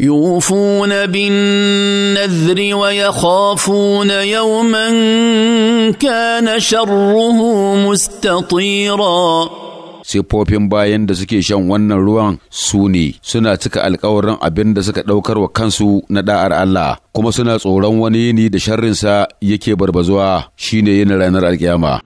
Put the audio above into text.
يوفون بالنذر ويخافون يوما كان شره مستطيرا siffofin bayan da suke shan wannan ruwan su ne suna cika alkawarin abin da suka ɗaukar wa kansu na da'ar Allah kuma suna tsoron wani yini da sharrinsa yake barbazuwa shine yin ranar alkiyama